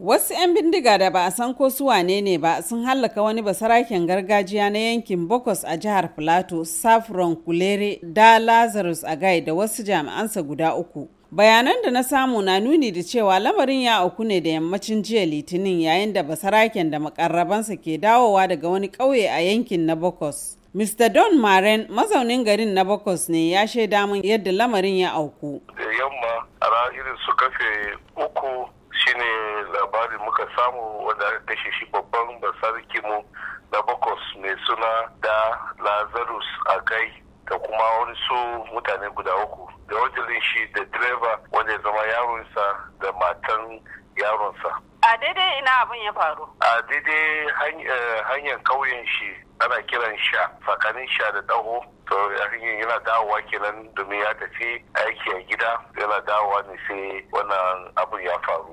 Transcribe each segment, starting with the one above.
Wasu 'yan bindiga da ba a san ko su wane ne ba sun hallaka wani basaraken gargajiya na yankin Bokos a jihar plato Saffron Kulere da Lazarus Gai da wasu jami'ansa guda uku. Bayanan da na samu na nuni da cewa lamarin ya auku ne da yammacin jiya Litinin yayin da basaraken da makarrabansa ke dawowa daga wani ƙauye a yankin na Bokos. Mr. Don Maren mazaunin garin na Bokos ne ya shaida min yadda lamarin ya auku. Yamma su kafe uku muka samu wanda aka kashe shi babban basarki mu na bakwas mai suna da lazarus a kai da kuma wani su mutane guda uku da wajen shi da direba wanda ya zama yaronsa da matan yaronsa a daidai ina abin ya faru a daidai eh, hanyar kauyen shi ana kiran sha tsakanin sha da daho to yarin yana dawowa kenan domin ya tafi aiki a gida yana dawowa ne sai wannan abin ya faru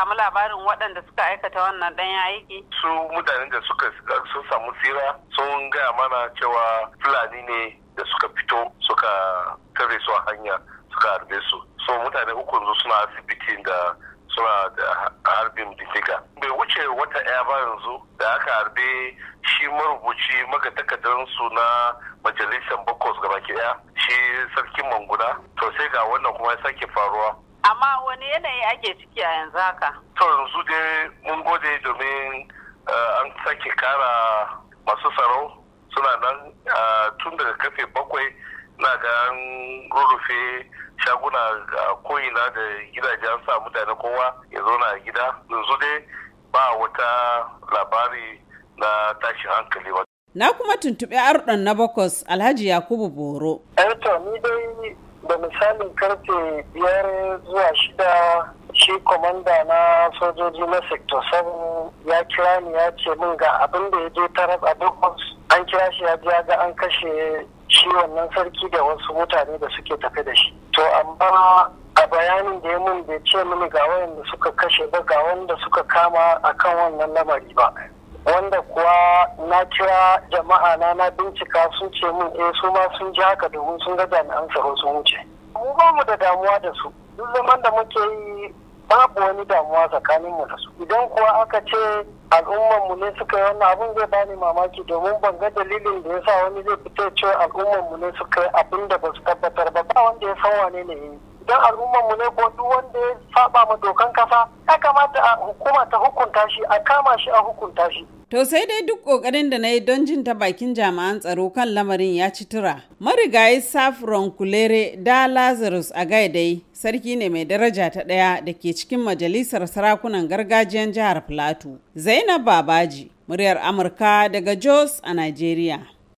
samu labarin waɗanda suka aikata wannan ɗan aiki? Su mutanen da suka sun samu tsira sun gaya mana cewa Fulani ne da suka fito suka tare su a hanya suka harbe su. So mutane uku yanzu suna asibiti da suna da harbin bindiga. Bai wuce wata ɗaya ba yanzu da aka harbe shi marubuci su na majalisar Bokos gaba ɗaya shi sarkin manguna to sai ga wannan kuma ya sake faruwa amma wani yanayi ake ciki a yanzu haka to yanzu dai mun gode domin eh, an sake kara masu tsaro suna nan eh, tun daga kafe bakwai na ga an rurrufe shaguna a ko'ina da gidaje an sa mutane kowa ya zo na gida yanzu dai ba wata labari na tashin hankali ba na kuma tuntuɓi arɗon na bakwas alhaji yakubu boro eh, ni dai da misalin karfe biyar zuwa shida shi kwamanda na sojoji na sector 7 ya kira ni ya ce min ga abin da ya je taras a dukkan an kira shi ya ja ga an kashe shi wannan sarki da wasu mutane da suke tafi da shi to amma a bayanin da ya mun bai ce mini ga wayanda suka kashe ba ga wanda suka kama akan wannan lamari ba wanda kuwa na kira jama'a na na bincika sun ce min eh su ma sun ji haka domin sun ga jami'an tsaro sun wuce mu ba mu da damuwa da su duk zaman da muke yi babu wani damuwa tsakanin mu da su idan kuwa aka ce al'ummar mu ne suka yi wannan abun zai bani mamaki domin ban ga dalilin da yasa wani zai fita ce al'ummar mu ne suka yi abin da ba su tabbatar ba ba wanda ya san wane ne idan al'ummar mu ne ko duk wanda ya saba ma dokan kasa a hukuma ta hukunta shi a kama shi a hukunta shi To sai dai duk ƙoƙarin da na yi don jin ta bakin jami'an tsaro kan lamarin ya ci tura. Marigayi Safron Kulere da Lazarus a gaidai sarki ne mai daraja ta ɗaya da ke cikin majalisar sarakunan gargajiyar jihar Plateau. Zainab Babaji, muryar Amurka daga Jos a Najeriya.